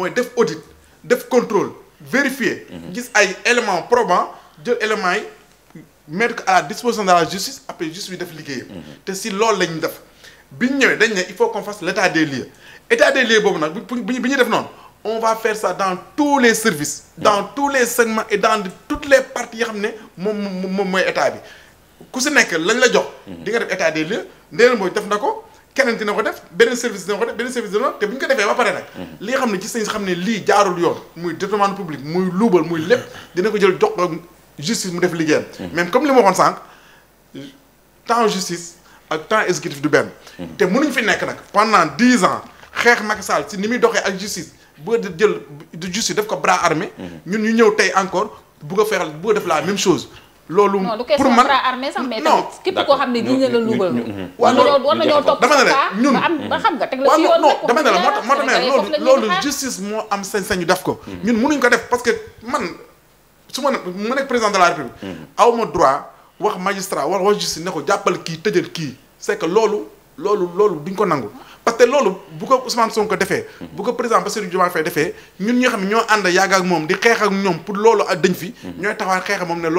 mooy def audit def contrôle vérifier. Mhm. gis ay éléments probants jël éléments yi mettre ko à la disposition de justice après justice bi def liggéeyam. Mhm. te si loolu la ñu def bi ñu ñëwee dañ ne il faut qu'on fasse l' état des lieux état des lieux boobu nag bi ñu ñuy def noonu on va faire ça dans tous les services. Mhm. dans tous les segments et dans toutes les parties yoo xam ne moom moom mooy état bi ku si nekk lañ la jox. di nga def état des lieux ndeyla mooy def na ko. keneen dina ko def beneen service dina ko def beneen service dina ko def mhm. ne gis xam ne lii jaarul yoon muy détournement public muy luubal muy lépp mhm. dina ko jël jox ko justice mu def liggéeyam. Mhm. même comme li ma waxoon sànq temps justice ak temps exécutif du benn. te mu ñu fi nekk nag pendant dix an xeex Macky Sall si ni muy doxee ak justice boo di jël justice def ko bras armé. ñun ñu ñëw tey encore bugg a feexal bugg def la même chose. loolu pour man non képp koo xam ne ñu la luubal war nañoo topp dama ne la ñun ba xam ne la moo tax moo tax ne loolu moo am sañ-sañu ko hmm. ñun mënuñ ko def parce que man su ma mu nekk président de la république hmm. aw ma droit wax magistrat wax wax justice ne ko jàppal kii tëjal kii c'est loolu loolu loolu duñ ko nangu parce que loolu bu ko Ousmane ko defee hmm. bu ko président Bassirou Diomaye Faye defee ñun ñoo xam ne ñoo ànd yàgg ak moom di xeex ak ñoom pour loolu dañ fi ñooy taxawaat xeex moom ne loolu